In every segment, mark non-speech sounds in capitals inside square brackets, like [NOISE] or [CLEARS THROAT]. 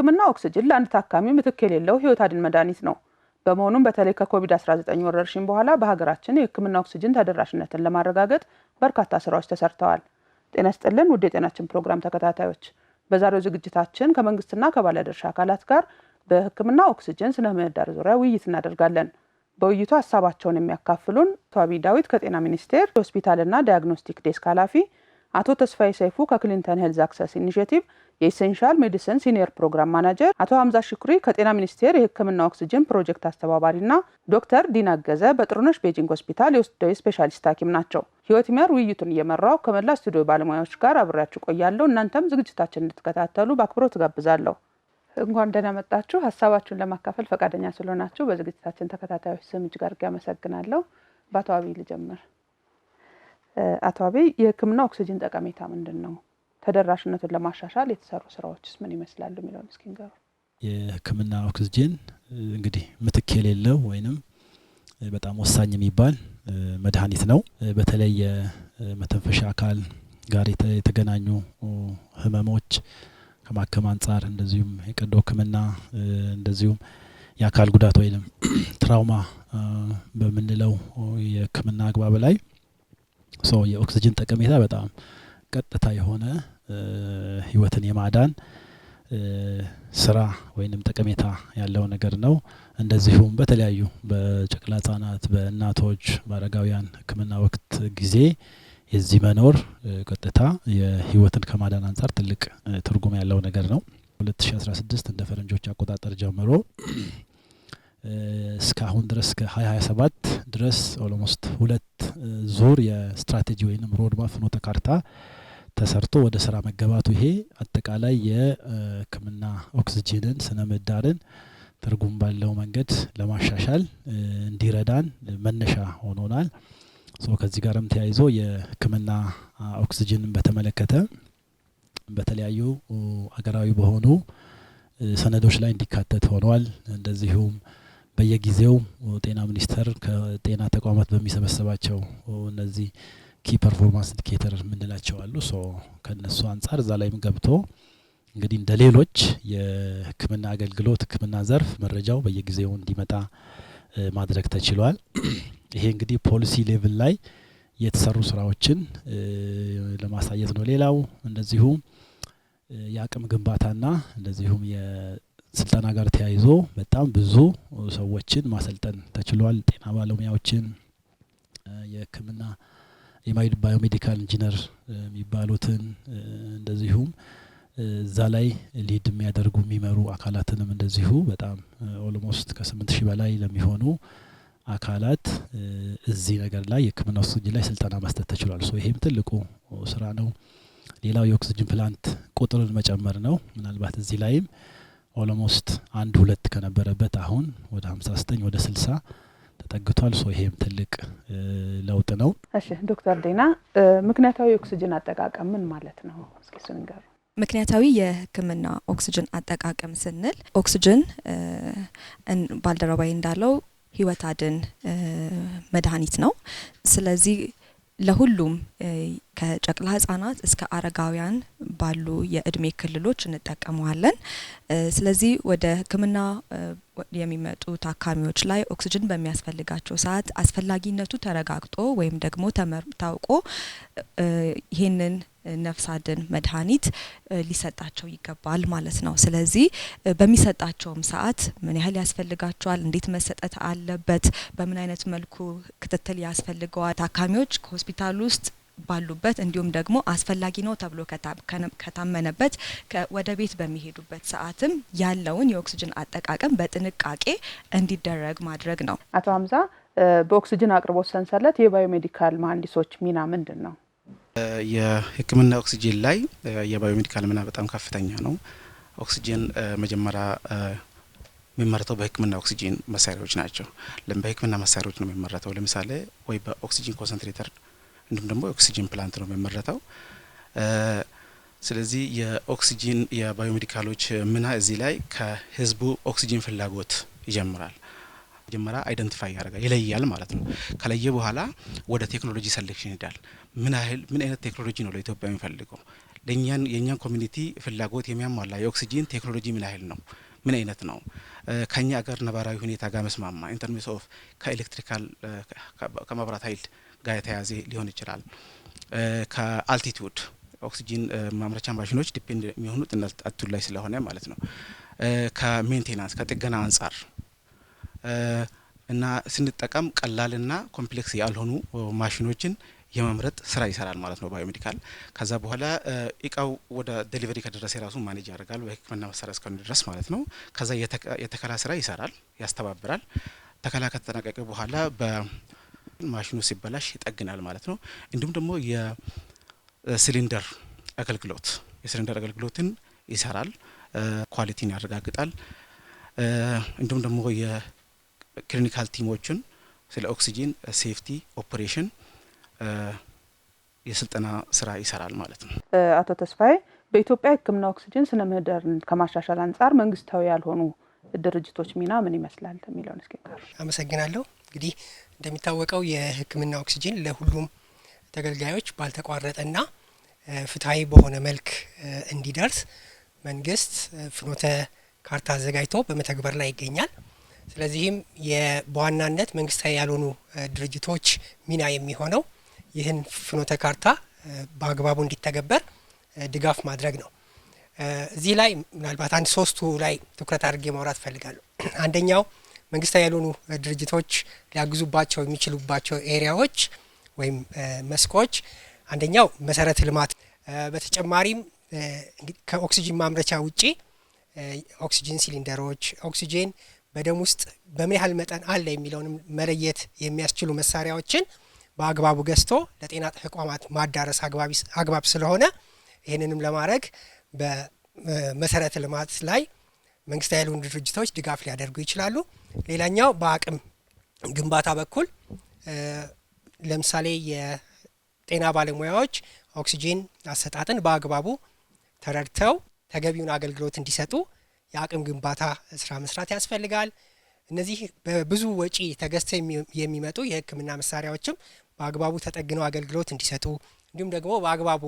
ሕክምና ኦክስጅን ለአንድ ታካሚ ምትክ የሌለው ህይወት አድን መድኃኒት ነው። በመሆኑም በተለይ ከኮቪድ-19 ወረርሽኝ በኋላ በሀገራችን የህክምና ኦክስጅን ተደራሽነትን ለማረጋገጥ በርካታ ስራዎች ተሰርተዋል። ጤና ስጥልን ውድ የጤናችን ፕሮግራም ተከታታዮች፣ በዛሬው ዝግጅታችን ከመንግስትና ከባለድርሻ አካላት ጋር በህክምና ኦክስጅን ስነ ምህዳር ዙሪያ ውይይት እናደርጋለን። በውይይቱ ሀሳባቸውን የሚያካፍሉን ተዋቢ ዳዊት ከጤና ሚኒስቴር የሆስፒታልና ዲያግኖስቲክ ዴስክ ኃላፊ፣ አቶ ተስፋዬ ሰይፉ ከክሊንተን ሄልዝ አክሰስ ኢኒሽቲቭ የኢሴንሻል ሜዲሲን ሲኒየር ፕሮግራም ማናጀር አቶ ሀምዛ ሽኩሪ ከጤና ሚኒስቴር የሕክምና ኦክስጅን ፕሮጀክት አስተባባሪና ዶክተር ዲና ገዘ በጥሩነሽ ቤጂንግ ሆስፒታል የውስጥ ደዌ ስፔሻሊስት ሐኪም ናቸው። ህይወት ሚያር ውይይቱን እየመራው ከመላ ስቱዲዮ ባለሙያዎች ጋር አብሬያችሁ ቆያለሁ። እናንተም ዝግጅታችን እንድትከታተሉ በአክብሮት ትጋብዛለሁ እንኳን ደህና መጣችሁ። ሀሳባችሁን ለማካፈል ፈቃደኛ ስለሆናችሁ በዝግጅታችን ተከታታዮች ስም እጅግ አድርጌ አመሰግናለሁ። በአቶ አብይ ልጀምር። አቶ አብይ የህክምና ኦክስጅን ጠቀሜታ ምንድን ነው? ተደራሽነቱን ለማሻሻል የተሰሩ ስራዎችስ ምን ይመስላሉ የሚለውን እስኪ ንገሩ። ኦክስጂን እንግዲህ ምትክ የሌለው ወይንም በጣም ወሳኝ የሚባል መድኃኒት ነው። በተለይ የመተንፈሻ አካል ጋር የተገናኙ ህመሞች ከማከም አንጻር እንደዚሁም የቀዶ ህክምና እንደዚሁም የአካል ጉዳት ወይም ትራውማ በምንለው የህክምና አግባብ ላይ ሰው የኦክስጂን ጠቀሜታ በጣም ቀጥታ የሆነ ህይወትን የማዳን ስራ ወይንም ጠቀሜታ ያለው ነገር ነው። እንደዚሁም በተለያዩ በጨቅላ ህጻናት፣ በእናቶች፣ በአረጋውያን ህክምና ወቅት ጊዜ የዚህ መኖር ቀጥታ የህይወትን ከማዳን አንጻር ትልቅ ትርጉም ያለው ነገር ነው። 2016 እንደ ፈረንጆች አቆጣጠር ጀምሮ እስካሁን ድረስ ከ2027 ድረስ ኦሎሞስት ሁለት ዙር የስትራቴጂ ወይንም ሮድማፕ ፍኖተ ካርታ ተሰርቶ ወደ ስራ መገባቱ ይሄ አጠቃላይ የህክምና ኦክስጅንን ስነ ምህዳርን ትርጉም ባለው መንገድ ለማሻሻል እንዲረዳን መነሻ ሆኖናል። ሶ ከዚህ ጋርም ተያይዞ የህክምና ኦክስጅንን በተመለከተ በተለያዩ አገራዊ በሆኑ ሰነዶች ላይ እንዲካተት ሆኗል። እንደዚሁም በየጊዜው ጤና ሚኒስቴር ከጤና ተቋማት በሚሰበሰባቸው እነዚህ ኪ ፐርፎርማንስ ኢንዲኬተር የምንላቸው አሉ። ሶ ከነሱ አንጻር እዛ ላይም ገብቶ እንግዲህ እንደ ሌሎች የህክምና አገልግሎት ህክምና ዘርፍ መረጃው በየጊዜው እንዲመጣ ማድረግ ተችሏል። ይሄ እንግዲህ ፖሊሲ ሌቭል ላይ የተሰሩ ስራዎችን ለማሳየት ነው። ሌላው እንደዚሁ የአቅም ግንባታና እንደዚሁም የስልጠና ጋር ተያይዞ በጣም ብዙ ሰዎችን ማሰልጠን ተችሏል። ጤና ባለሙያዎችን የህክምና ባዮሜዲካል ኢንጂነር የሚባሉትን እንደዚሁም እዛ ላይ ሊድ የሚያደርጉ የሚመሩ አካላትንም እንደዚሁ በጣም ኦልሞስት ከስምንት ሺህ በላይ ለሚሆኑ አካላት እዚህ ነገር ላይ የህክምና ኦክስጅን ላይ ስልጠና መስጠት ተችሏል። ሶ ይሄም ትልቁ ስራ ነው። ሌላው የኦክስጅን ፕላንት ቁጥርን መጨመር ነው። ምናልባት እዚህ ላይም ኦልሞስት አንድ ሁለት ከነበረበት አሁን ወደ ሀምሳ ዘጠኝ ወደ ስልሳ ተጠግቷል። ሶ ይሄም ትልቅ ለውጥ ነው። እሺ ዶክተር ዴና ምክንያታዊ ኦክስጅን አጠቃቀም ምን ማለት ነው? እስኪ እሱን ንገሩ። ምክንያታዊ የሕክምና ኦክስጅን አጠቃቀም ስንል ኦክስጅን ባልደረባዬ እንዳለው ህይወት አድን መድኃኒት ነው። ስለዚህ ለሁሉም ከጨቅላ ህጻናት እስከ አረጋውያን ባሉ የእድሜ ክልሎች እንጠቀመዋለን። ስለዚህ ወደ ህክምና የሚመጡ ታካሚዎች ላይ ኦክስጅን በሚያስፈልጋቸው ሰዓት አስፈላጊነቱ ተረጋግጦ ወይም ደግሞ ታውቆ ይህንን ነፍስ አድን መድኃኒት ሊሰጣቸው ይገባል ማለት ነው። ስለዚህ በሚሰጣቸውም ሰዓት ምን ያህል ያስፈልጋቸዋል፣ እንዴት መሰጠት አለበት፣ በምን አይነት መልኩ ክትትል ያስፈልገዋል፣ ታካሚዎች ከሆስፒታል ውስጥ ባሉበት እንዲሁም ደግሞ አስፈላጊ ነው ተብሎ ከታመነበት ወደ ቤት በሚሄዱበት ሰዓትም ያለውን የኦክስጅን አጠቃቀም በጥንቃቄ እንዲደረግ ማድረግ ነው። አቶ ሀምዛ በኦክስጅን አቅርቦት ሰንሰለት የባዮሜዲካል መሀንዲሶች ሚና ምንድን ነው? የህክምና ኦክሲጅን ላይ የባዮሜዲካል ምና በጣም ከፍተኛ ነው። ኦክሲጅን መጀመሪያ የሚመረተው በህክምና ኦክሲጅን መሳሪያዎች ናቸው። በህክምና መሳሪያዎች ነው የሚመረተው። ለምሳሌ ወይ በኦክሲጅን ኮንሰንትሬተር እንዲሁም ደግሞ የኦክሲጅን ፕላንት ነው የሚመረተው። ስለዚህ የኦክሲጂን የባዮሜዲካሎች ምና እዚህ ላይ ከህዝቡ ኦክሲጂን ፍላጎት ይጀምራል። መጀመሪያ አይደንቲፋይ ያደርጋል ይለያል ማለት ነው። ከለየ በኋላ ወደ ቴክኖሎጂ ሰሌክሽን ይሄዳል። ምን ያህል ምን አይነት ቴክኖሎጂ ነው ለኢትዮጵያ የሚፈልገው ለእኛን የእኛን ኮሚኒቲ ፍላጎት የሚያሟላ የኦክሲጂን ቴክኖሎጂ ምን ያህል ነው ምን አይነት ነው ከኛ አገር ነባራዊ ሁኔታ ጋር መስማማ ኢንተርሜስ ኦፍ ከኤሌክትሪካል ከመብራት ኃይል ጋር የተያያዘ ሊሆን ይችላል። ከአልቲቱድ ኦክሲጂን ማምረቻ ማሽኖች ዲፔንድ የሚሆኑት እነ አልቲቱድ ላይ ስለሆነ ማለት ነው። ከሜንቴናንስ ከጥገና አንጻር እና ስንጠቀም ቀላልና ኮምፕሌክስ ያልሆኑ ማሽኖችን የመምረጥ ስራ ይሰራል ማለት ነው። ባዮሜዲካል ከዛ በኋላ እቃው ወደ ዴሊቨሪ ከደረሰ የራሱ ማኔጅ ያደርጋል በህክምና መሳሪያ እስከሆነ ድረስ ማለት ነው። ከዛ የተከላ ስራ ይሰራል፣ ያስተባብራል። ተከላ ከተጠናቀቀ በኋላ በማሽኑ ሲበላሽ ይጠግናል ማለት ነው። እንዲሁም ደግሞ የሲሊንደር አገልግሎት የሲሊንደር አገልግሎትን ይሰራል፣ ኳሊቲን ያረጋግጣል። እንዲሁም ደግሞ ክሊኒካል ቲሞችን ስለ ኦክሲጂን ሴፍቲ ኦፕሬሽን የስልጠና ስራ ይሰራል ማለት ነው። አቶ ተስፋዬ በኢትዮጵያ ሕክምና ኦክሲጂን ስነ ምህዳርን ከማሻሻል አንጻር መንግስታዊ ያልሆኑ ድርጅቶች ሚና ምን ይመስላል የሚለውን እስኪ አመሰግናለሁ። እንግዲህ እንደሚታወቀው የሕክምና ኦክሲጂን ለሁሉም ተገልጋዮች ባልተቋረጠና ፍትሐዊ በሆነ መልክ እንዲደርስ መንግስት ፍኖተ ካርታ አዘጋጅቶ በመተግበር ላይ ይገኛል። ስለዚህም በዋናነት መንግስታዊ ያልሆኑ ድርጅቶች ሚና የሚሆነው ይህን ፍኖተ ካርታ በአግባቡ እንዲተገበር ድጋፍ ማድረግ ነው። እዚህ ላይ ምናልባት አንድ ሶስቱ ላይ ትኩረት አድርጌ ማውራት እፈልጋለሁ። [CLEARS THROAT] አንደኛው መንግስታዊ ያልሆኑ ድርጅቶች ሊያግዙባቸው የሚችሉባቸው ኤሪያዎች ወይም መስኮች፣ አንደኛው መሰረተ ልማት፣ በተጨማሪም ከኦክሲጂን ማምረቻ ውጪ ኦክሲጂን ሲሊንደሮች፣ ኦክሲጂን በደም ውስጥ በምን ያህል መጠን አለ የሚለውንም መለየት የሚያስችሉ መሳሪያዎችን በአግባቡ ገዝቶ ለጤና ተቋማት ማዳረስ አግባብ ስለሆነ ይህንንም ለማድረግ በመሰረተ ልማት ላይ መንግስታዊ ያልሆኑ ድርጅቶች ድጋፍ ሊያደርጉ ይችላሉ። ሌላኛው በአቅም ግንባታ በኩል ለምሳሌ የጤና ባለሙያዎች ኦክሲጂን አሰጣጥን በአግባቡ ተረድተው ተገቢውን አገልግሎት እንዲሰጡ የአቅም ግንባታ ስራ መስራት ያስፈልጋል። እነዚህ በብዙ ወጪ ተገዝተው የሚመጡ የሕክምና መሳሪያዎችም በአግባቡ ተጠግነው አገልግሎት እንዲሰጡ እንዲሁም ደግሞ በአግባቡ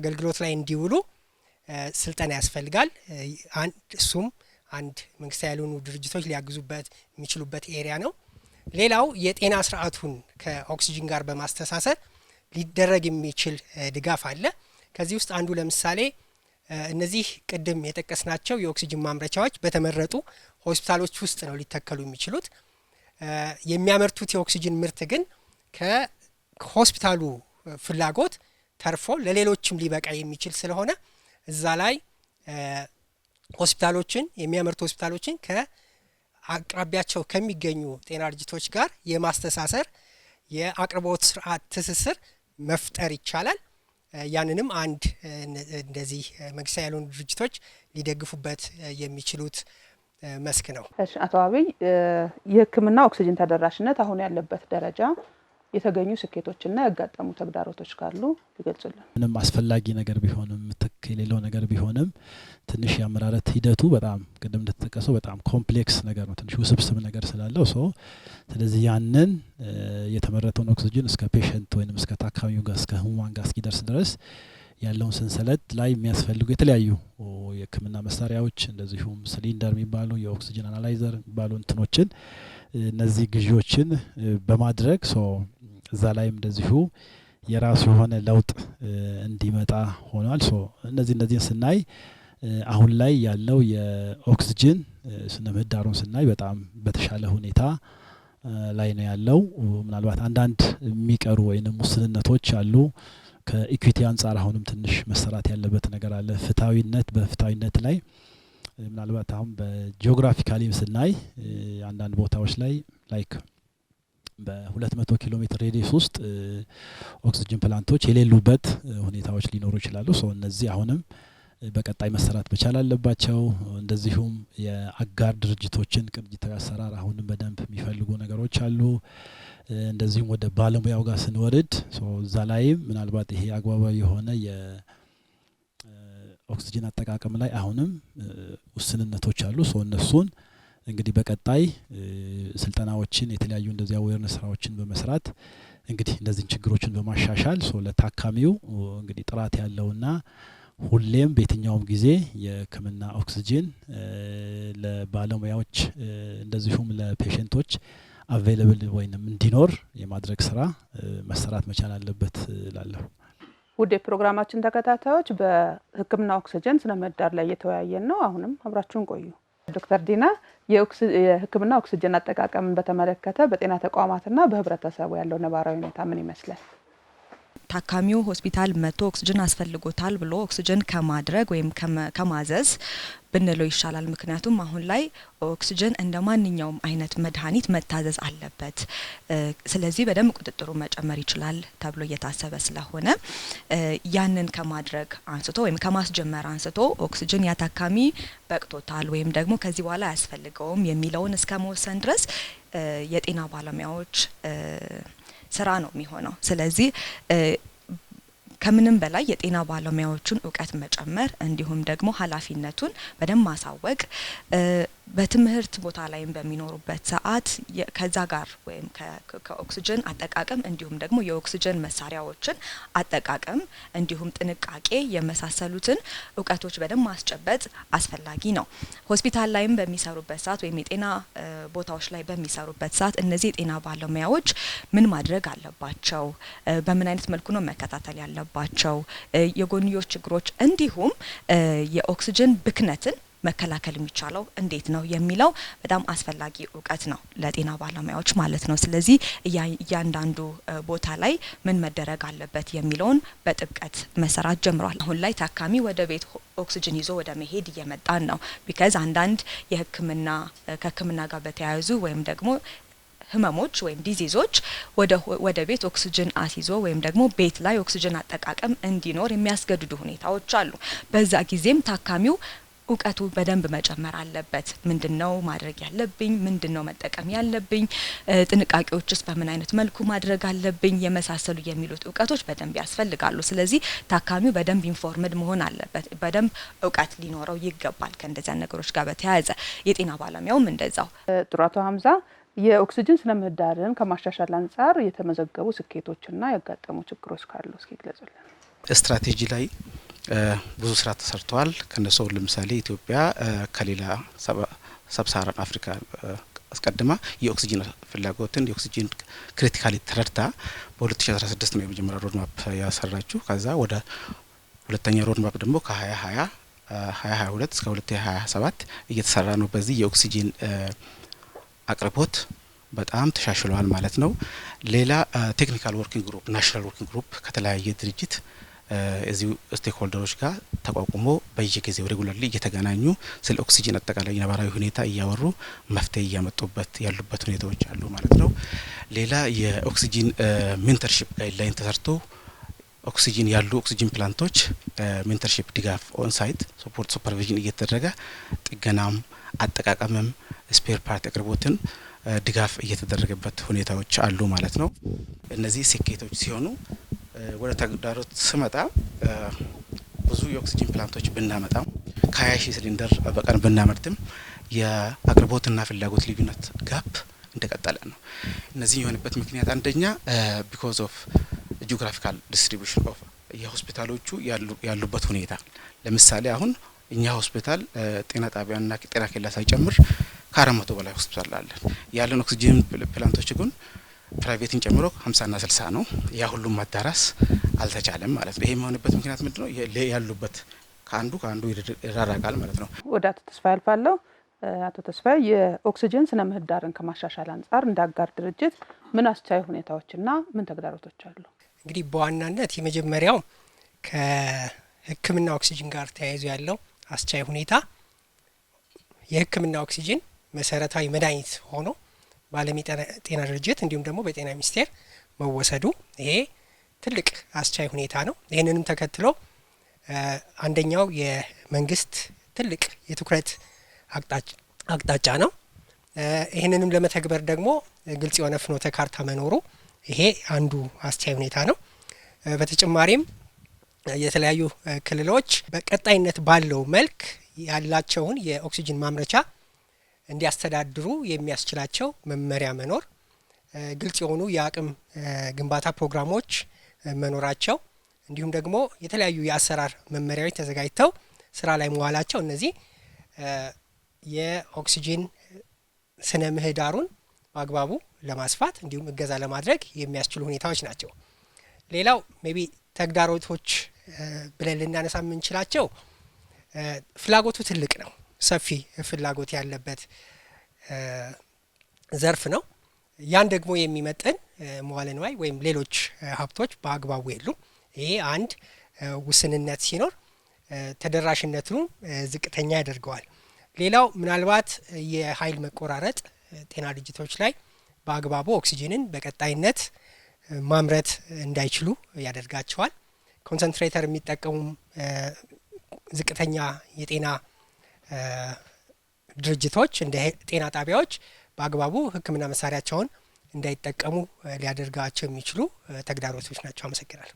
አገልግሎት ላይ እንዲውሉ ስልጠና ያስፈልጋል። እሱም አንድ መንግስታዊ ያልሆኑ ድርጅቶች ሊያግዙበት የሚችሉበት ኤሪያ ነው። ሌላው የጤና ስርዓቱን ከኦክሲጂን ጋር በማስተሳሰር ሊደረግ የሚችል ድጋፍ አለ። ከዚህ ውስጥ አንዱ ለምሳሌ እነዚህ ቅድም የጠቀስናቸው የኦክሲጅን ማምረቻዎች በተመረጡ ሆስፒታሎች ውስጥ ነው ሊተከሉ የሚችሉት። የሚያመርቱት የኦክሲጅን ምርት ግን ከሆስፒታሉ ፍላጎት ተርፎ ለሌሎችም ሊበቃ የሚችል ስለሆነ እዛ ላይ ሆስፒታሎችን የሚያመርቱ ሆስፒታሎችን ከአቅራቢያቸው ከሚገኙ ጤና ድርጅቶች ጋር የማስተሳሰር የአቅርቦት ስርዓት ትስስር መፍጠር ይቻላል። ያንንም አንድ እንደዚህ መንግስታዊ ያልሆኑ ድርጅቶች ሊደግፉበት የሚችሉት መስክ ነው። አቶ አብይ የህክምና ኦክሲጅን ተደራሽነት አሁን ያለበት ደረጃ የተገኙ ስኬቶችና ያጋጠሙ ተግዳሮቶች ካሉ ይገልጹልን። ምንም አስፈላጊ ነገር ቢሆንም ትክ የሌለው ነገር ቢሆንም ትንሽ የአመራረት ሂደቱ በጣም ቅድም እንደተጠቀሰው በጣም ኮምፕሌክስ ነገር ነው፣ ትንሽ ውስብስብ ነገር ስላለው ሶ ስለዚህ ያንን የተመረተውን ኦክሲጅን እስከ ፔሸንት ወይም እስከ ታካሚው ጋር እስከ ህሙማን ጋር እስኪደርስ ድረስ ያለውን ሰንሰለት ላይ የሚያስፈልጉ የተለያዩ የህክምና መሳሪያዎች እንደዚሁም ሲሊንደር የሚባሉ የኦክሲጅን አናላይዘር የሚባሉ እንትኖችን እነዚህ ግዢዎችን በማድረግ እዛ ላይም እንደዚሁ የራሱ የሆነ ለውጥ እንዲመጣ ሆኗል። ሶ እነዚህ እነዚህን ስናይ አሁን ላይ ያለው የኦክስጅን ስነ ምህዳሩን ስናይ በጣም በተሻለ ሁኔታ ላይ ነው ያለው። ምናልባት አንዳንድ የሚቀሩ ወይንም ውስንነቶች አሉ። ከኢኩዊቲ አንጻር አሁንም ትንሽ መሰራት ያለበት ነገር አለ። ፍትሐዊነት በፍትሐዊነት ላይ ምናልባት አሁን በጂኦግራፊካሊም ስናይ አንዳንድ ቦታዎች ላይ ላይክ በ200 ኪሎ ሜትር ሬዲየስ ውስጥ ኦክስጅን ፕላንቶች የሌሉበት ሁኔታዎች ሊኖሩ ይችላሉ። ሰው እነዚህ አሁንም በቀጣይ መሰራት መቻል አለባቸው። እንደዚሁም የአጋር ድርጅቶችን ቅንጅታዊ አሰራር አሁንም በደንብ የሚፈልጉ ነገሮች አሉ። እንደዚሁም ወደ ባለሙያው ጋር ስንወርድ እዛ ላይም ምናልባት ይሄ አግባባዊ የሆነ የኦክስጅን አጠቃቀም ላይ አሁንም ውስንነቶች አሉ። ሰው እነሱን እንግዲህ በቀጣይ ስልጠናዎችን የተለያዩ እንደዚህ አዌርነስ ስራዎችን በመስራት እንግዲህ እነዚህን ችግሮችን በማሻሻል ሶ ለታካሚው እንግዲህ ጥራት ያለውና ሁሌም በየትኛውም ጊዜ የህክምና ኦክስጅን ለባለሙያዎች እንደዚሁም ለፔሸንቶች አቬይለብል ወይንም እንዲኖር የማድረግ ስራ መሰራት መቻል አለበት እላለሁ። ውድ የፕሮግራማችን ተከታታዮች በህክምና ኦክስጅን ስነ ምህዳር ላይ እየተወያየን ነው። አሁንም አብራችሁን ቆዩ። ዶክተር ዲና የህክምና ኦክስጅን አጠቃቀምን በተመለከተ በጤና ተቋማትና በህብረተሰቡ ያለው ነባራዊ ሁኔታ ምን ይመስላል? ታካሚው ሆስፒታል መጥቶ ኦክስጅን አስፈልጎታል ብሎ ኦክስጅን ከማድረግ ወይም ከማዘዝ ብንለው ይሻላል። ምክንያቱም አሁን ላይ ኦክስጅን እንደ ማንኛውም አይነት መድኃኒት መታዘዝ አለበት። ስለዚህ በደንብ ቁጥጥሩ መጨመር ይችላል ተብሎ እየታሰበ ስለሆነ ያንን ከማድረግ አንስቶ ወይም ከማስጀመር አንስቶ ኦክስጅን ያታካሚ በቅቶታል ወይም ደግሞ ከዚህ በኋላ አያስፈልገውም የሚለውን እስከ መወሰን ድረስ የጤና ባለሙያዎች ስራ ነው የሚሆነው። ስለዚህ ከምንም በላይ የጤና ባለሙያዎቹን እውቀት መጨመር እንዲሁም ደግሞ ኃላፊነቱን በደንብ ማሳወቅ በትምህርት ቦታ ላይም በሚኖሩበት ሰዓት ከዛ ጋር ወይም ከኦክስጅን አጠቃቀም እንዲሁም ደግሞ የኦክስጅን መሳሪያዎችን አጠቃቀም እንዲሁም ጥንቃቄ የመሳሰሉትን እውቀቶች በደንብ ማስጨበጥ አስፈላጊ ነው። ሆስፒታል ላይም በሚሰሩበት ሰዓት ወይም የጤና ቦታዎች ላይ በሚሰሩበት ሰዓት እነዚህ የጤና ባለሙያዎች ምን ማድረግ አለባቸው? በምን አይነት መልኩ ነው መከታተል ያለባቸው? የጎንዮሽ ችግሮች እንዲሁም የኦክስጅን ብክነትን መከላከል የሚቻለው እንዴት ነው የሚለው በጣም አስፈላጊ እውቀት ነው ለጤና ባለሙያዎች ማለት ነው። ስለዚህ እያንዳንዱ ቦታ ላይ ምን መደረግ አለበት የሚለውን በጥብቀት መሰራት ጀምሯል። አሁን ላይ ታካሚ ወደ ቤት ኦክስጅን ይዞ ወደ መሄድ እየመጣን ነው። ቢካዝ አንዳንድ የህክምና ከህክምና ጋር በተያያዙ ወይም ደግሞ ህመሞች ወይም ዲዚዞች ወደ ቤት ኦክስጅን አስይዞ ወይም ደግሞ ቤት ላይ ኦክስጅን አጠቃቀም እንዲኖር የሚያስገድዱ ሁኔታዎች አሉ። በዛ ጊዜም ታካሚው እውቀቱ በደንብ መጨመር አለበት። ምንድን ነው ማድረግ ያለብኝ? ምንድን ነው መጠቀም ያለብኝ? ጥንቃቄዎችስ በምን አይነት መልኩ ማድረግ አለብኝ? የመሳሰሉ የሚሉት እውቀቶች በደንብ ያስፈልጋሉ። ስለዚህ ታካሚው በደንብ ኢንፎርምድ መሆን አለበት። በደንብ እውቀት ሊኖረው ይገባል። ከእንደዚያ ነገሮች ጋር በተያያዘ የጤና ባለሙያውም እንደዛው። ጥራቱ ሀምዛ የኦክስጅን ስነ ምህዳርን ከማሻሻል አንጻር የተመዘገቡ ስኬቶችና ያጋጠሙ ችግሮች ካሉ እስኪ ግለጹልን። ስትራቴጂ ላይ ብዙ ስራ ተሰርተዋል። ከነሱ ለምሳሌ ኢትዮጵያ ከሌላ ሰብሳራን አፍሪካ አስቀድማ የኦክሲጂን ፍላጎትን የኦክሲጂን ክሪቲካሊ ተረድታ በ2016 ነው የመጀመሪያ ሮድማፕ ያሰራችው። ከዛ ወደ ሁለተኛ ሮድማፕ ደግሞ ከ2020 2022 እስከ 2027 እየተሰራ ነው። በዚህ የኦክሲጂን አቅርቦት በጣም ተሻሽለዋል ማለት ነው። ሌላ ቴክኒካል ወርኪንግ ግሩፕ ናሽናል ወርኪንግ ግሩፕ ከተለያየ ድርጅት እዚሁ ስቴክሆልደሮች ጋር ተቋቁሞ በየጊዜው ሬጉላርሊ እየተገናኙ ስለ ኦክሲጅን አጠቃላይ ነባራዊ ሁኔታ እያወሩ መፍትሄ እያመጡበት ያሉበት ሁኔታዎች አሉ ማለት ነው። ሌላ የኦክሲጂን ሜንተርሺፕ ጋይድላይን ተሰርቶ ኦክሲጂን ያሉ ኦክሲጂን ፕላንቶች ሜንተርሺፕ ድጋፍ ኦንሳይት ሶፖርት ሱፐርቪዥን እየተደረገ ጥገናም አጠቃቀምም ስፔር ፓርት አቅርቦትን ድጋፍ እየተደረገበት ሁኔታዎች አሉ ማለት ነው። እነዚህ ስኬቶች ሲሆኑ ወደ ተግዳሮት ስመጣ ብዙ የኦክሲጂን ፕላንቶች ብናመጣም ከሀያ ሺህ ሲሊንደር በቀን ብናመርትም የአቅርቦትና ፍላጎት ልዩነት ጋፕ እንደቀጠለ ነው። እነዚህ የሆነበት ምክንያት አንደኛ ቢኮዝ ኦፍ ጂኦግራፊካል ዲስትሪቢሽን ኦፍ የሆስፒታሎቹ ያሉበት ሁኔታ ለምሳሌ አሁን እኛ ሆስፒታል ጤና ጣቢያና ጤና ኬላ ሳይጨምር ከአራት መቶ በላይ ሆስፒታል አለን። ያለን ኦክሲጂን ፕላንቶች ግን ፕራይቬትን ጨምሮ 50 ና 60 ነው። ያ ሁሉም ማዳረስ አልተቻለም ማለት ነው። ይሄ የሚሆንበት ምክንያት ነው? ያሉበት ከአንዱ ከአንዱ ይራራቃል ማለት ነው። ወደ አቶ ተስፋ ያልፋለሁ። አቶ ተስፋ የኦክሲጅን ስነ ምህዳርን ከማሻሻል አንጻር እንደ አጋር ድርጅት ምን አስቻይ ሁኔታዎችና ምን ተግዳሮቶች አሉ? እንግዲህ በዋናነት የመጀመሪያው ከህክምና ኦክሲጅን ጋር ተያይዞ ያለው አስቻይ ሁኔታ የህክምና ኦክሲጅን መሰረታዊ መድኃኒት ሆኖ በዓለም የጤና ድርጅት እንዲሁም ደግሞ በጤና ሚኒስቴር መወሰዱ ይሄ ትልቅ አስቻይ ሁኔታ ነው። ይህንንም ተከትሎ አንደኛው የመንግስት ትልቅ የትኩረት አቅጣጫ ነው። ይህንንም ለመተግበር ደግሞ ግልጽ የሆነ ፍኖተ ካርታ መኖሩ ይሄ አንዱ አስቻይ ሁኔታ ነው። በተጨማሪም የተለያዩ ክልሎች በቀጣይነት ባለው መልክ ያላቸውን የኦክሲጅን ማምረቻ እንዲያስተዳድሩ የሚያስችላቸው መመሪያ መኖር፣ ግልጽ የሆኑ የአቅም ግንባታ ፕሮግራሞች መኖራቸው እንዲሁም ደግሞ የተለያዩ የአሰራር መመሪያዎች ተዘጋጅተው ስራ ላይ መዋላቸው እነዚህ የኦክሲጂን ስነ ምህዳሩን በአግባቡ ለማስፋት እንዲሁም እገዛ ለማድረግ የሚያስችሉ ሁኔታዎች ናቸው። ሌላው ሜቢ ተግዳሮቶች ብለን ልናነሳ የምንችላቸው ፍላጎቱ ትልቅ ነው። ሰፊ ፍላጎት ያለበት ዘርፍ ነው። ያን ደግሞ የሚመጥን መዋለንዋይ ወይም ሌሎች ሀብቶች በአግባቡ የሉም። ይሄ አንድ ውስንነት ሲኖር ተደራሽነቱ ዝቅተኛ ያደርገዋል። ሌላው ምናልባት የኃይል መቆራረጥ ጤና ድርጅቶች ላይ በአግባቡ ኦክሲጅንን በቀጣይነት ማምረት እንዳይችሉ ያደርጋቸዋል። ኮንሰንትሬተር የሚጠቀሙም ዝቅተኛ የጤና ድርጅቶች እንደ ጤና ጣቢያዎች በአግባቡ ህክምና መሳሪያቸውን እንዳይጠቀሙ ሊያደርጋቸው የሚችሉ ተግዳሮቶች ናቸው። አመሰግናል።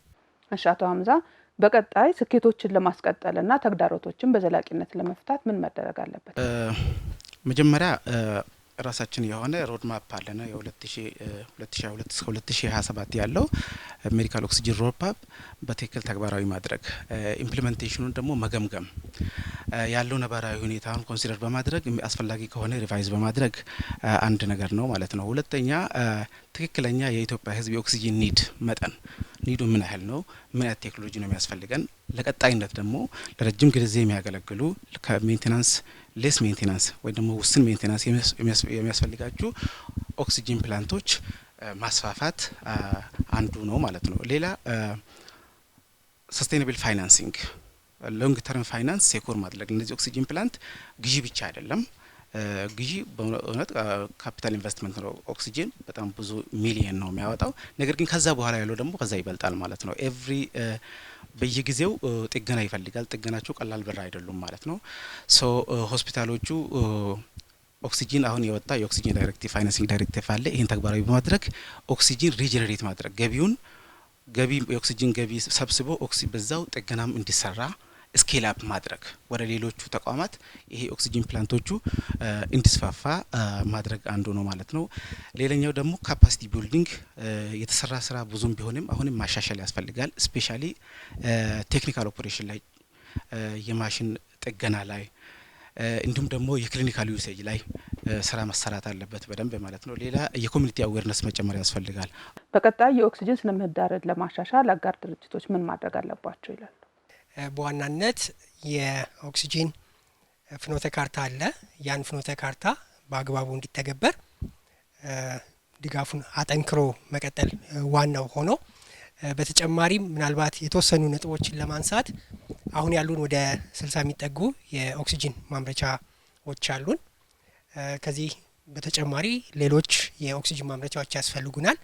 እሺ፣ አቶ ሀምዛ በቀጣይ ስኬቶችን ለማስቀጠል ና ተግዳሮቶችን በዘላቂነት ለመፍታት ምን መደረግ አለበት? መጀመሪያ ራሳችን የሆነ ሮድማፕ አለ ነው የ2022 እስከ 2027 ያለው ሜዲካል ኦክሲጅን ሮድማፕ በትክክል ተግባራዊ ማድረግ ኢምፕሊመንቴሽኑን ደግሞ መገምገም ያለው ነባራዊ ሁኔታን ኮንሲደር በማድረግ አስፈላጊ ከሆነ ሪቫይዝ በማድረግ አንድ ነገር ነው ማለት ነው። ሁለተኛ ትክክለኛ የኢትዮጵያ ሕዝብ የኦክሲጅን ኒድ መጠን ኒዱ ምን ያህል ነው? ምን አይነት ቴክኖሎጂ ነው የሚያስፈልገን? ለቀጣይነት ደግሞ ለረጅም ጊዜ የሚያገለግሉ ከሜንቴናንስ ሌስ ሜንቴናንስ ወይም ደግሞ ውስን ሜንቴናንስ የሚያስፈልጋችሁ ኦክሲጂን ፕላንቶች ማስፋፋት አንዱ ነው ማለት ነው። ሌላ ሰስቴናብል ፋይናንሲንግ፣ ሎንግ ተርም ፋይናንስ ሴኩር ማድረግ። እነዚህ ኦክሲጂን ፕላንት ግዢ ብቻ አይደለም። ግዢ በእውነት ካፒታል ኢንቨስትመንት ነው። ኦክሲጂን በጣም ብዙ ሚሊየን ነው የሚያወጣው። ነገር ግን ከዛ በኋላ ያለው ደግሞ ከዛ ይበልጣል ማለት ነው ኤቭሪ በየጊዜው ጥገና ይፈልጋል። ጥገናቸው ቀላል ብር አይደሉም ማለት ነው። ሶ ሆስፒታሎቹ ኦክሲጂን አሁን የወጣ የኦክሲጂን ዳይሬክቲቭ ፋይናንሲንግ ዳይሬክቲቭ አለ። ይህን ተግባራዊ በማድረግ ኦክሲጂን ሪጀነሬት ማድረግ ገቢውን ገቢ የኦክሲጂን ገቢ ሰብስቦ ኦክሲ በዛው ጥገናም እንዲሰራ ስኬል አፕ ማድረግ ወደ ሌሎቹ ተቋማት ይሄ ኦክሲጂን ፕላንቶቹ እንዲስፋፋ ማድረግ አንዱ ነው ማለት ነው። ሌላኛው ደግሞ ካፓሲቲ ቢልዲንግ የተሰራ ስራ ብዙም ቢሆንም አሁንም ማሻሻል ያስፈልጋል። ስፔሻሊ ቴክኒካል ኦፕሬሽን ላይ የማሽን ጥገና ላይ እንዲሁም ደግሞ የክሊኒካል ዩሴጅ ላይ ስራ መሰራት አለበት በደንብ ማለት ነው። ሌላ የኮሚኒቲ አዌርነስ መጨመር ያስፈልጋል። በቀጣይ የኦክሲጅን ስነ ምህዳርን ለማሻሻል አጋር ድርጅቶች ምን ማድረግ አለባቸው ይላል? በዋናነት የኦክሲጂን ፍኖተ ካርታ አለ። ያን ፍኖተ ካርታ በአግባቡ እንዲተገበር ድጋፉን አጠንክሮ መቀጠል ዋናው ሆኖ በተጨማሪም ምናልባት የተወሰኑ ነጥቦችን ለማንሳት አሁን ያሉን ወደ ስልሳ የሚጠጉ የኦክሲጂን ማምረቻዎች አሉን። ከዚህ በተጨማሪ ሌሎች የኦክሲጂን ማምረቻዎች ያስፈልጉናል።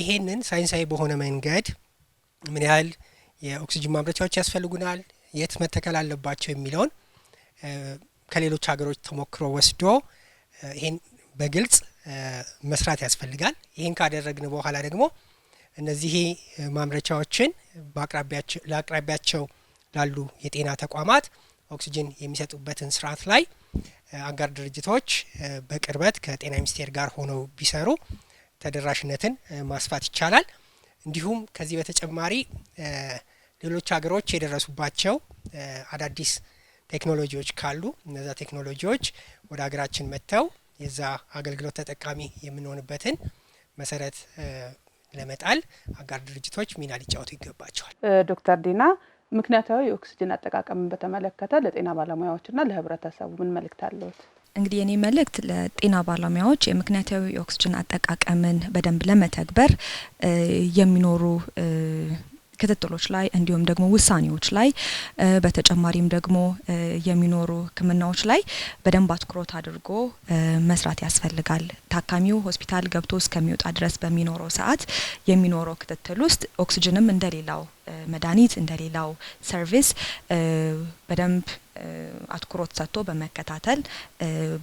ይሄንን ሳይንሳዊ በሆነ መንገድ ምን ያህል የኦክሲጅን ማምረቻዎች ያስፈልጉናል፣ የት መተከል አለባቸው የሚለውን ከሌሎች ሀገሮች ተሞክሮ ወስዶ ይህን በግልጽ መስራት ያስፈልጋል። ይህን ካደረግን በኋላ ደግሞ እነዚህ ማምረቻዎችን ለአቅራቢያቸው ላሉ የጤና ተቋማት ኦክሲጅን የሚሰጡበትን ስርዓት ላይ አጋር ድርጅቶች በቅርበት ከጤና ሚኒስቴር ጋር ሆነው ቢሰሩ ተደራሽነትን ማስፋት ይቻላል። እንዲሁም ከዚህ በተጨማሪ ሌሎች ሀገሮች የደረሱባቸው አዳዲስ ቴክኖሎጂዎች ካሉ እነዛ ቴክኖሎጂዎች ወደ ሀገራችን መጥተው የዛ አገልግሎት ተጠቃሚ የምንሆንበትን መሰረት ለመጣል አጋር ድርጅቶች ሚና ሊጫወቱ ይገባቸዋል። ዶክተር ዲና ምክንያታዊ የኦክስጅን አጠቃቀምን በተመለከተ ለጤና ባለሙያዎችና ለህብረተሰቡ ምን መልእክት አለዎት? እንግዲህ የኔ መልእክት ለጤና ባለሙያዎች የምክንያታዊ የኦክስጅን አጠቃቀምን በደንብ ለመተግበር የሚኖሩ ክትትሎች ላይ እንዲሁም ደግሞ ውሳኔዎች ላይ በተጨማሪም ደግሞ የሚኖሩ ሕክምናዎች ላይ በደንብ አትኩሮት አድርጎ መስራት ያስፈልጋል። ታካሚው ሆስፒታል ገብቶ እስከሚወጣ ድረስ በሚኖረው ሰዓት የሚኖረው ክትትል ውስጥ ኦክስጅንም እንደሌላው መድኃኒት እንደሌላው ሰርቪስ በደንብ አትኩሮት ሰጥቶ በመከታተል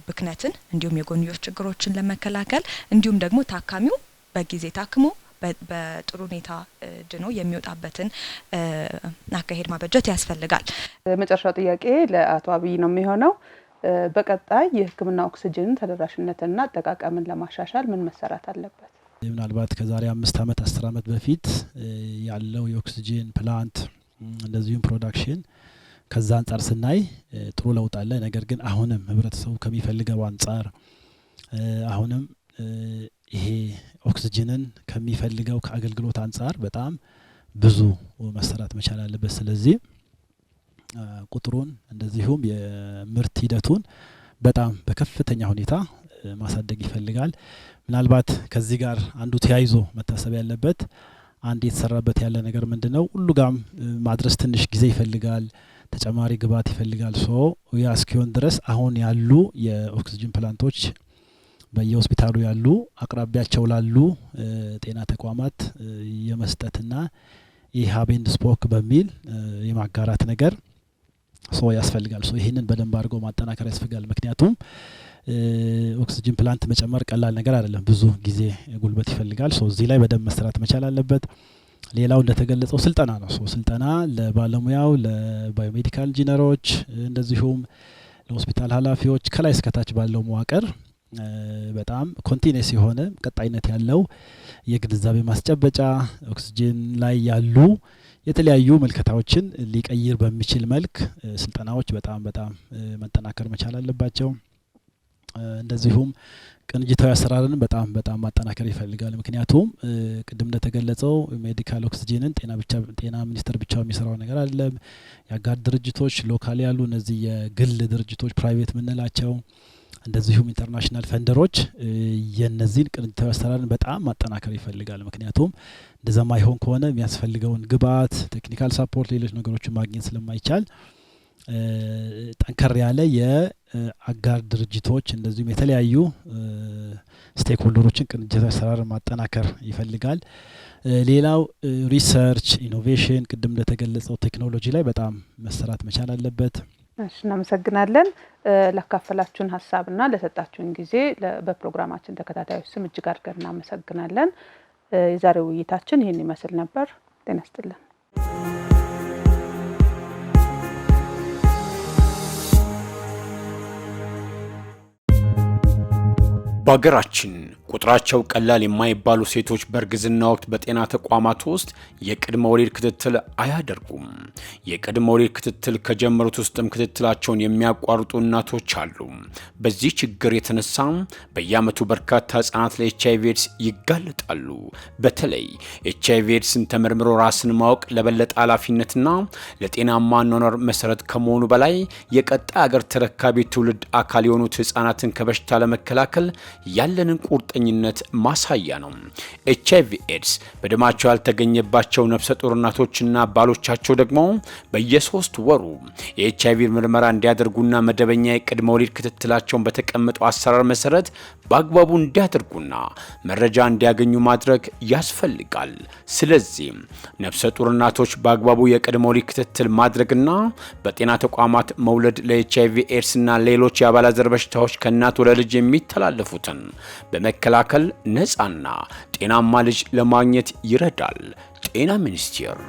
ብክነትን እንዲሁም የጎንዮሽ ችግሮችን ለመከላከል እንዲሁም ደግሞ ታካሚው በጊዜ ታክሞ በጥሩ ሁኔታ ድኖ የሚወጣበትን አካሄድ ማበጀት ያስፈልጋል። መጨረሻው ጥያቄ ለአቶ አብይ ነው የሚሆነው። በቀጣይ የሕክምና ኦክስጅን ተደራሽነትንና አጠቃቀምን ለማሻሻል ምን መሰራት አለበት? ምናልባት ከዛሬ አምስት ዓመት አስር ዓመት በፊት ያለው የኦክስጅን ፕላንት እንደዚሁም ፕሮዳክሽን ከዛ አንጻር ስናይ ጥሩ ለውጥ አለ። ነገር ግን አሁንም ህብረተሰቡ ከሚፈልገው አንጻር አሁንም ይሄ ኦክስጅንን ከሚፈልገው ከአገልግሎት አንጻር በጣም ብዙ መሰራት መቻል አለበት። ስለዚህ ቁጥሩን እንደዚሁም የምርት ሂደቱን በጣም በከፍተኛ ሁኔታ ማሳደግ ይፈልጋል። ምናልባት ከዚህ ጋር አንዱ ተያይዞ መታሰብ ያለበት አንድ የተሰራበት ያለ ነገር ምንድን ነው? ሁሉ ጋም ማድረስ ትንሽ ጊዜ ይፈልጋል፣ ተጨማሪ ግብዓት ይፈልጋል። ሶ ያ እስኪሆን ድረስ አሁን ያሉ የኦክስጅን ፕላንቶች በየሆስፒታሉ ያሉ አቅራቢያቸው ላሉ ጤና ተቋማት የመስጠትና ይህ ሀቤንድ ስፖክ በሚል የማጋራት ነገር ሶ ያስፈልጋል። ሶ ይህንን በደንብ አድርጎ ማጠናከር ያስፈልጋል። ምክንያቱም ኦክስጅን ፕላንት መጨመር ቀላል ነገር አይደለም፣ ብዙ ጊዜ ጉልበት ይፈልጋል። ሶ እዚህ ላይ በደንብ መስራት መቻል አለበት። ሌላው እንደተገለጸው ስልጠና ነው። ሶ ስልጠና ለባለሙያው ለባዮሜዲካል ኢንጂነሮች እንደዚሁም ለሆስፒታል ኃላፊዎች ከላይ እስከታች ባለው መዋቅር በጣም ኮንቲኒስ የሆነ ቀጣይነት ያለው የግንዛቤ ማስጨበጫ ኦክስጅን ላይ ያሉ የተለያዩ ምልከታዎችን ሊቀይር በሚችል መልክ ስልጠናዎች በጣም በጣም መጠናከር መቻል አለባቸው። እንደዚሁም ቅንጅታዊ አሰራርን በጣም በጣም ማጠናከር ይፈልጋል። ምክንያቱም ቅድም እንደተገለጸው ሜዲካል ኦክስጂንን ጤና ብቻ ጤና ሚኒስቴር ብቻው የሚሰራው ነገር አለ። የአጋር ድርጅቶች፣ ሎካል ያሉ እነዚህ የግል ድርጅቶች ፕራይቬት የምንላቸው እንደዚሁም ኢንተርናሽናል ፈንደሮች የነዚህን ቅንጅታዊ አሰራርን በጣም ማጠናከር ይፈልጋል። ምክንያቱም እንደዛ ማይሆን ከሆነ የሚያስፈልገውን ግብአት፣ ቴክኒካል ሳፖርት፣ ሌሎች ነገሮችን ማግኘት ስለማይቻል ጠንከር ያለ የአጋር ድርጅቶች እንደዚሁም የተለያዩ ስቴክ ሆልደሮችን ቅንጅታዊ አሰራርን ማጠናከር ይፈልጋል። ሌላው ሪሰርች፣ ኢኖቬሽን፣ ቅድም እንደተገለጸው ቴክኖሎጂ ላይ በጣም መሰራት መቻል አለበት። እሺ እናመሰግናለን። ላካፈላችሁን ሀሳብና ለሰጣችሁን ጊዜ በፕሮግራማችን ተከታታዮች ስም እጅግ አድርገን እናመሰግናለን። የዛሬው ውይይታችን ይህን ይመስል ነበር። ጤና ይስጥልን። በሀገራችን ቁጥራቸው ቀላል የማይባሉ ሴቶች በእርግዝና ወቅት በጤና ተቋማት ውስጥ የቅድመ ወሊድ ክትትል አያደርጉም። የቅድመ ወሊድ ክትትል ከጀመሩት ውስጥም ክትትላቸውን የሚያቋርጡ እናቶች አሉ። በዚህ ችግር የተነሳ በየዓመቱ በርካታ ህጻናት ለኤች አይቪ ኤድስ ይጋለጣሉ። በተለይ ኤች አይቪ ኤድስን ተመርምሮ ራስን ማወቅ ለበለጠ ኃላፊነትና ለጤናማ አኗኗር መሰረት ከመሆኑ በላይ የቀጣይ አገር ተረካቢ ትውልድ አካል የሆኑት ህጻናትን ከበሽታ ለመከላከል ያለንን ቁርጠኝነት ማሳያ ነው። ኤች አይቪ ኤድስ በደማቸው ያልተገኘባቸው ነፍሰ ጡር እናቶችና ባሎቻቸው ደግሞ በየሶስት ወሩ የኤች አይቪ ምርመራ እንዲያደርጉና መደበኛ የቅድመ ወሊድ ክትትላቸውን በተቀመጠው አሰራር መሰረት በአግባቡ እንዲያደርጉና መረጃ እንዲያገኙ ማድረግ ያስፈልጋል። ስለዚህ ነፍሰ ጡር እናቶች በአግባቡ የቅድመ ወሊድ ክትትል ማድረግና በጤና ተቋማት መውለድ ለኤች አይቪ ኤድስና ሌሎች የአባላዘር በሽታዎች ከእናት ወደ ልጅ የሚተላለፉት ጥቃትን በመከላከል ነፃና ጤናማ ልጅ ለማግኘት ይረዳል። ጤና ሚኒስቴር